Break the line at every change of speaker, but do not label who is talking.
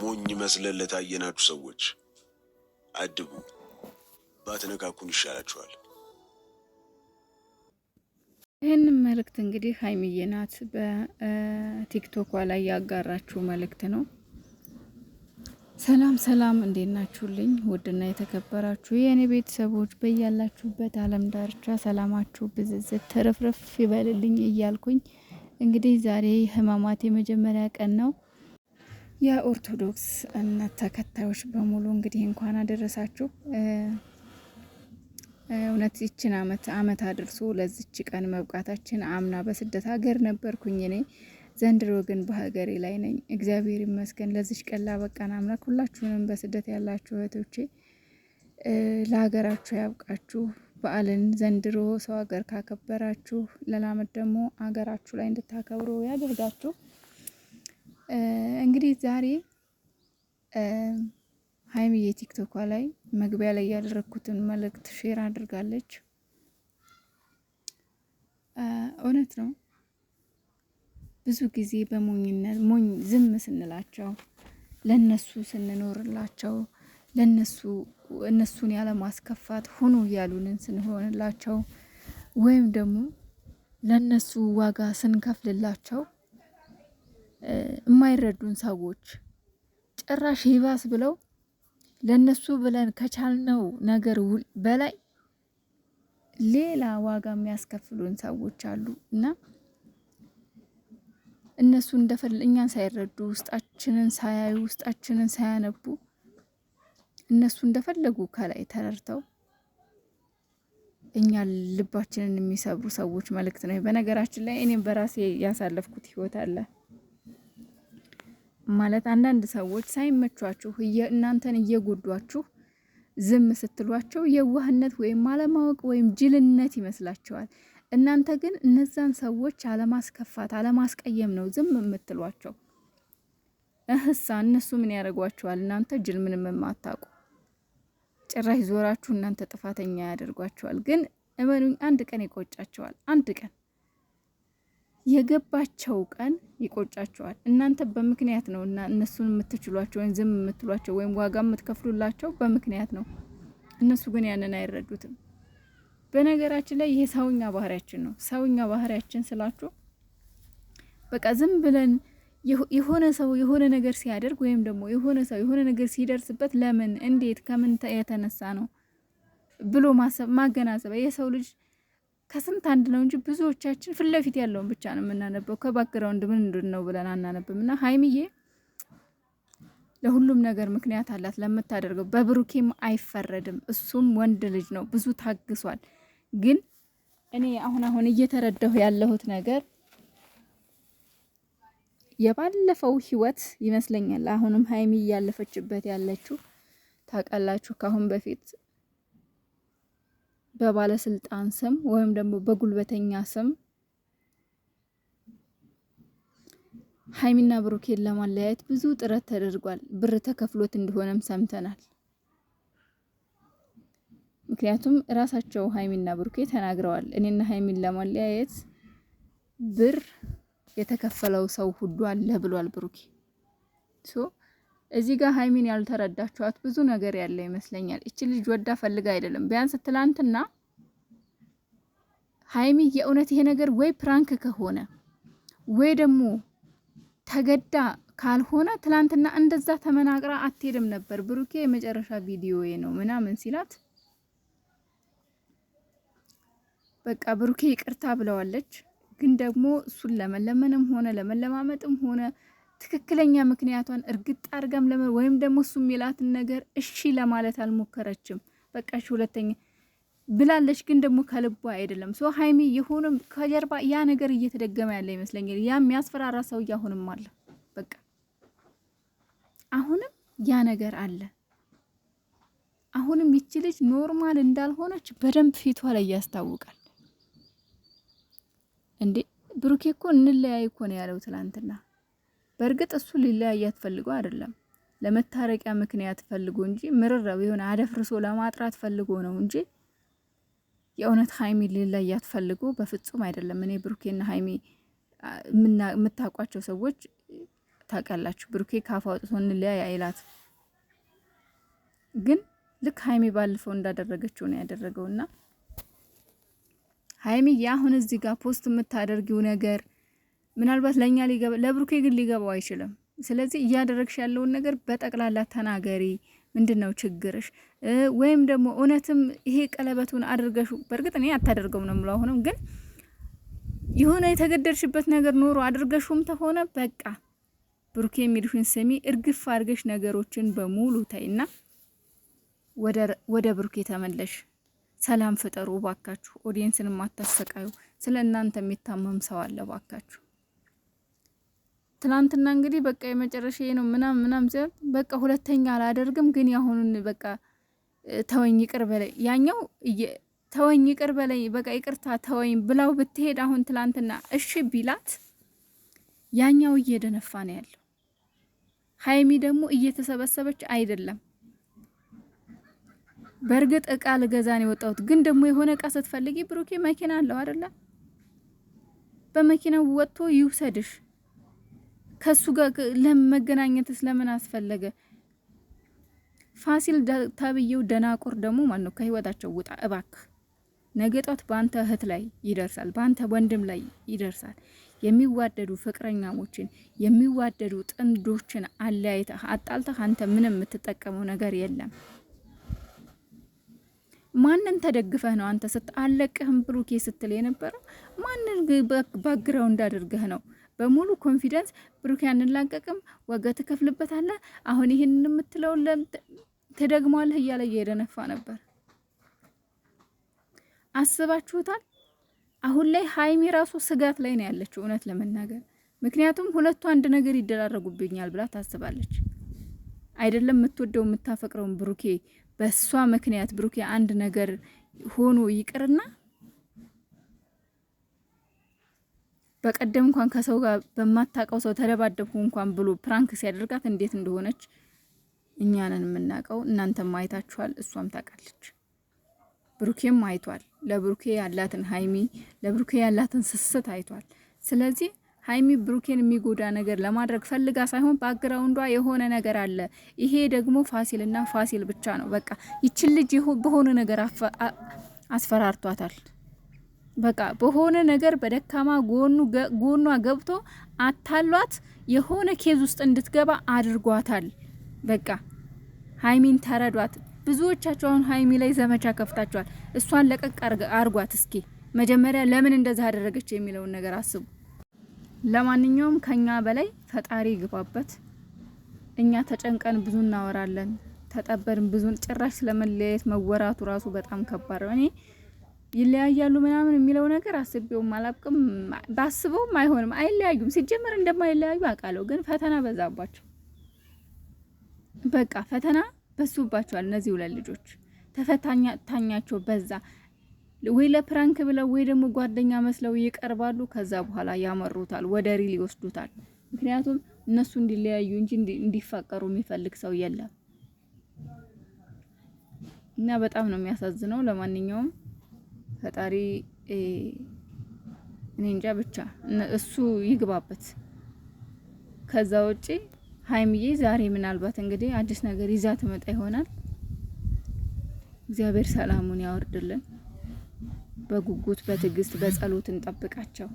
ሞኝ መስለን ለታየናችሁ ሰዎች አድቡ፣ ባትነካኩን ይሻላችኋል።
ይህንን መልእክት እንግዲህ ሀይሚዬ ናት በቲክቶኳ ላይ ያጋራችሁ መልእክት ነው። ሰላም ሰላም፣ እንዴት ናችሁልኝ? ውድና የተከበራችሁ የእኔ ቤተሰቦች በያላችሁበት ዓለም ዳርቻ ሰላማችሁ ብዝዝት ተረፍረፍ ይበልልኝ እያልኩኝ እንግዲህ ዛሬ ህማማት የመጀመሪያ ቀን ነው። የኦርቶዶክስ እምነት ተከታዮች በሙሉ እንግዲህ እንኳን አደረሳችሁ። እውነት ይችን አመት አመት አድርሶ ለዚች ቀን መብቃታችን። አምና በስደት ሀገር ነበርኩኝ እኔ፣ ዘንድሮ ግን በሀገሬ ላይ ነኝ። እግዚአብሔር ይመስገን ለዚች ቀን ላበቃን አምላክ። ሁላችሁንም በስደት ያላችሁ እህቶቼ ለሀገራችሁ ያብቃችሁ። በዓልን ዘንድሮ ሰው ሀገር ካከበራችሁ፣ ለላመት ደግሞ ሀገራችሁ ላይ እንድታከብሩ ያደርጋችሁ። እንግዲህ ዛሬ ሀይሚዬ ቲክቶኳ ላይ መግቢያ ላይ ያደረግኩትን መልእክት ሼር አድርጋለች። እውነት ነው። ብዙ ጊዜ በሞኝነት ሞኝ ዝም ስንላቸው ለነሱ ስንኖርላቸው ለነሱ እነሱን ያለማስከፋት ሁኑ እያሉንን ስንሆንላቸው ወይም ደግሞ ለነሱ ዋጋ ስንከፍልላቸው የማይረዱን ሰዎች ጭራሽ ይባስ ብለው ለነሱ ብለን ከቻልነው ነገር በላይ ሌላ ዋጋ የሚያስከፍሉን ሰዎች አሉ እና እነሱ እንደፈል እኛን ሳይረዱ ውስጣችንን ሳያዩ ውስጣችንን ሳያነቡ እነሱ እንደፈለጉ ከላይ ተረድተው እኛ ልባችንን የሚሰብሩ ሰዎች መልእክት ነው። በነገራችን ላይ እኔም በራሴ ያሳለፍኩት ህይወት አለ። ማለት አንዳንድ ሰዎች ሳይመቿችሁ እናንተን እየጎዷችሁ ዝም ስትሏቸው የዋህነት ወይም አለማወቅ ወይም ጅልነት ይመስላቸዋል። እናንተ ግን እነዛን ሰዎች አለማስከፋት አለማስቀየም ነው ዝም የምትሏቸው። እህሳ እነሱ ምን ያደርጓቸዋል? እናንተ ጅል ምንም የማታውቁ ጭራሽ ዞራችሁ እናንተ ጥፋተኛ ያደርጓቸዋል። ግን እመኑኝ አንድ ቀን ይቆጫቸዋል። አንድ ቀን የገባቸው ቀን ይቆጫቸዋል። እናንተ በምክንያት ነው እና እነሱን የምትችሏቸው ወይም ዝም የምትሏቸው ወይም ዋጋ የምትከፍሉላቸው በምክንያት ነው። እነሱ ግን ያንን አይረዱትም። በነገራችን ላይ ይሄ ሰውኛ ባህሪያችን ነው። ሰውኛ ባህሪያችን ስላችሁ በቃ ዝም ብለን የሆነ ሰው የሆነ ነገር ሲያደርግ ወይም ደግሞ የሆነ ሰው የሆነ ነገር ሲደርስበት ለምን፣ እንዴት፣ ከምን የተነሳ ነው ብሎ ማሰብ ማገናዘብ የሰው ልጅ ከስንት አንድ ነው እንጂ ብዙዎቻችን ፊት ለፊት ያለውን ብቻ ነው የምናነበው። ከባክግራውንድ ምን እንድን ነው ብለን አናነብም። እና ሀይሚዬ ለሁሉም ነገር ምክንያት አላት ለምታደርገው። በብሩኬም አይፈረድም፣ እሱም ወንድ ልጅ ነው፣ ብዙ ታግሷል። ግን እኔ አሁን አሁን እየተረዳሁ ያለሁት ነገር የባለፈው ህይወት ይመስለኛል አሁንም ሀይሚ እያለፈችበት ያለችው ታውቃላችሁ፣ ከአሁን በፊት በባለስልጣን ስም ወይም ደግሞ በጉልበተኛ ስም ሀይሚና ብሩኬን ለማለያየት ብዙ ጥረት ተደርጓል። ብር ተከፍሎት እንደሆነም ሰምተናል። ምክንያቱም እራሳቸው ሀይሚና ብሩኬ ተናግረዋል። እኔና ሀይሚን ለማለያየት ብር የተከፈለው ሰው ሁሉ አለ ብሏል ብሩኬ እዚህ ጋር ሀይሚን ያልተረዳችኋት ብዙ ነገር ያለ ይመስለኛል። እቺ ልጅ ወዳ ፈልጋ አይደለም። ቢያንስ ትላንትና ሀይሚ የእውነት ይሄ ነገር ወይ ፕራንክ ከሆነ ወይ ደግሞ ተገዳ ካልሆነ ትላንትና እንደዛ ተመናቅራ አትሄድም ነበር። ብሩኬ የመጨረሻ ቪዲዮ ነው ምናምን ሲላት በቃ ብሩኬ ይቅርታ ብለዋለች። ግን ደግሞ እሱን ለመለመንም ሆነ ለመለማመጥም ሆነ ትክክለኛ ምክንያቷን እርግጥ አርጋም ለመ ወይም ደግሞ እሱ የሚላትን ነገር እሺ ለማለት አልሞከረችም። በቃሽ ሁለተኛ ብላለች፣ ግን ደግሞ ከልቡ አይደለም። ሶ ሀይሚ የሆነም ከጀርባ ያ ነገር እየተደገመ ያለ ይመስለኛል። ያ የሚያስፈራራ ሰው አሁንም አለ። በቃ አሁንም ያ ነገር አለ። አሁንም ይቺ ልጅ ኖርማል እንዳልሆነች በደንብ ፊቷ ላይ ያስታውቃል። እንዴ ብሩኬ እኮ እንለያይ እኮ ነው ያለው ትላንትና በእርግጥ እሱ ሊለያያት ፈልጎ አይደለም፣ ለመታረቂያ ምክንያት ፈልጎ እንጂ ምርረብ የሆነ አደፍርሶ ለማጥራት ፈልጎ ነው እንጂ የእውነት ሀይሚ ሊለያት ፈልጎ በፍጹም አይደለም። እኔ ብሩኬና ሀይሚ የምታውቋቸው ሰዎች ታውቃላችሁ። ብሩኬ ካፍ አውጥቶ እንለያይ አይላት፣ ግን ልክ ሀይሚ ባለፈው እንዳደረገችው ነው ያደረገውና ሀይሚ የአሁን እዚህ ጋር ፖስት የምታደርጊው ነገር ምናልባት ለእኛ ሊገባ ለብሩኬ ግን ሊገባው አይችልም። ስለዚህ እያደረግሽ ያለውን ነገር በጠቅላላ ተናገሪ። ምንድን ነው ችግርሽ? ወይም ደግሞ እውነትም ይሄ ቀለበቱን አድርገሹ በእርግጥ እኔ አታደርገውም ነው የምለው። አሁንም ግን የሆነ የተገደድሽበት ነገር ኖሮ አድርገሹም ተሆነ በቃ ብሩኬ የሚልሽን ስሚ። እርግፍ አድርገሽ ነገሮችን በሙሉ ተይና ወደ ብሩኬ ተመለሽ። ሰላም ፍጠሩ ባካችሁ። ኦዲየንስን ማታሰቃዩ። ስለ እናንተ የሚታመም ሰው አለ ባካችሁ። ትናንትና እንግዲህ በቃ የመጨረሻ ነው ምናም ምናም ሲል በቃ ሁለተኛ አላደርግም፣ ግን ያሁኑን በቃ ተወኝ ይቅር በላይ ያኛው ተወኝ ይቅር በላይ በቃ ይቅርታ ተወኝ ብላው ብትሄድ አሁን ትላንትና እሺ ቢላት ያኛው እየደነፋ ነው ያለው። ሀይሚ ደግሞ እየተሰበሰበች አይደለም። በእርግጥ እቃ ልገዛ ነው የወጣሁት፣ ግን ደግሞ የሆነ እቃ ስትፈልጊ ብሩኬ መኪና አለው አይደለ? በመኪናው ወጥቶ ይውሰድሽ ከሱ ጋር ለመገናኘት ለምን አስፈለገ? ፋሲል ተብዬው ደናቁር ደግሞ ማን ነው ከህይወታቸው ውጣ እባክህ። ነገ ጧት በአንተ እህት ላይ ይደርሳል፣ በአንተ ወንድም ላይ ይደርሳል። የሚዋደዱ ፍቅረኛሞችን የሚዋደዱ ጥንዶችን አለያይተህ አጣልተህ አንተ ምንም የምትጠቀመው ነገር የለም። ማንን ተደግፈህ ነው አንተ ስት አለቅህም ብሩኬ ስትል የነበረው ማንን ባግራውንድ አድርገህ ነው በሙሉ ኮንፊደንስ ብሩኬ አንላቀቅም፣ ወገ ትከፍልበታለህ፣ አሁን ይህን የምትለው ትደግመዋለህ እያለ እየደነፋ ነበር። አስባችሁታል? አሁን ላይ ሀይሚ ራሱ ስጋት ላይ ነው ያለችው እውነት ለመናገር ምክንያቱም ሁለቱ አንድ ነገር ይደራረጉብኛል ብላ ታስባለች። አይደለም የምትወደው የምታፈቅረውን ብሩኬ በእሷ ምክንያት ብሩኬ አንድ ነገር ሆኖ ይቅርና በቀደም እንኳን ከሰው ጋር በማታውቀው ሰው ተደባደብኩ እንኳን ብሎ ፕራንክ ሲያደርጋት እንዴት እንደሆነች እኛንን የምናውቀው እናንተም አይታችኋል፣ እሷም ታውቃለች፣ ብሩኬም አይቷል። ለብሩኬ ያላትን ሀይሚ ለብሩኬ ያላትን ስስት አይቷል። ስለዚህ ሀይሚ ብሩኬን የሚጎዳ ነገር ለማድረግ ፈልጋ ሳይሆን ባግራውንዷ የሆነ ነገር አለ። ይሄ ደግሞ ፋሲልና ፋሲል ብቻ ነው። በቃ ይችን ልጅ በሆነ ነገር አስፈራርቷታል። በቃ በሆነ ነገር በደካማ ጎኗ ገብቶ አታሏት የሆነ ኬዝ ውስጥ እንድትገባ አድርጓታል። በቃ ሀይሚን ተረዷት። ብዙዎቻችሁ አሁን ሀይሚ ላይ ዘመቻ ከፍታችኋል። እሷን ለቀቅ አርጓት እስኪ መጀመሪያ ለምን እንደዛ አደረገች የሚለውን ነገር አስቡ። ለማንኛውም ከኛ በላይ ፈጣሪ ይግባበት። እኛ ተጨንቀን ብዙ እናወራለን፣ ተጠበድን ብዙ። ጭራሽ ስለመለያየት መወራቱ ራሱ በጣም ከባድ ነው። እኔ ይለያያሉ ምናምን የሚለው ነገር አስቤውም አላብቅም፣ ባስበውም አይሆንም። አይለያዩም፣ ሲጀመር እንደማይለያዩ አውቃለሁ። ግን ፈተና በዛባቸው፣ በቃ ፈተና በሱባቸዋል። እነዚህ ሁለት ልጆች ተፈታኛቸው በዛ። ወይ ለፕራንክ ብለው ወይ ደግሞ ጓደኛ መስለው ይቀርባሉ። ከዛ በኋላ ያመሩታል፣ ወደ ሪል ይወስዱታል። ምክንያቱም እነሱ እንዲለያዩ እንጂ እንዲፈቀሩ የሚፈልግ ሰው የለም እና በጣም ነው የሚያሳዝነው። ለማንኛውም ፈጣሪ እኔ እንጃ ብቻ እሱ ይግባበት። ከዛ ውጪ ሀይምዬ ዛሬ ምናልባት እንግዲህ አዲስ ነገር ይዛ ትመጣ ይሆናል። እግዚአብሔር ሰላሙን ያወርድልን። በጉጉት በትዕግስት በጸሎት እንጠብቃቸው።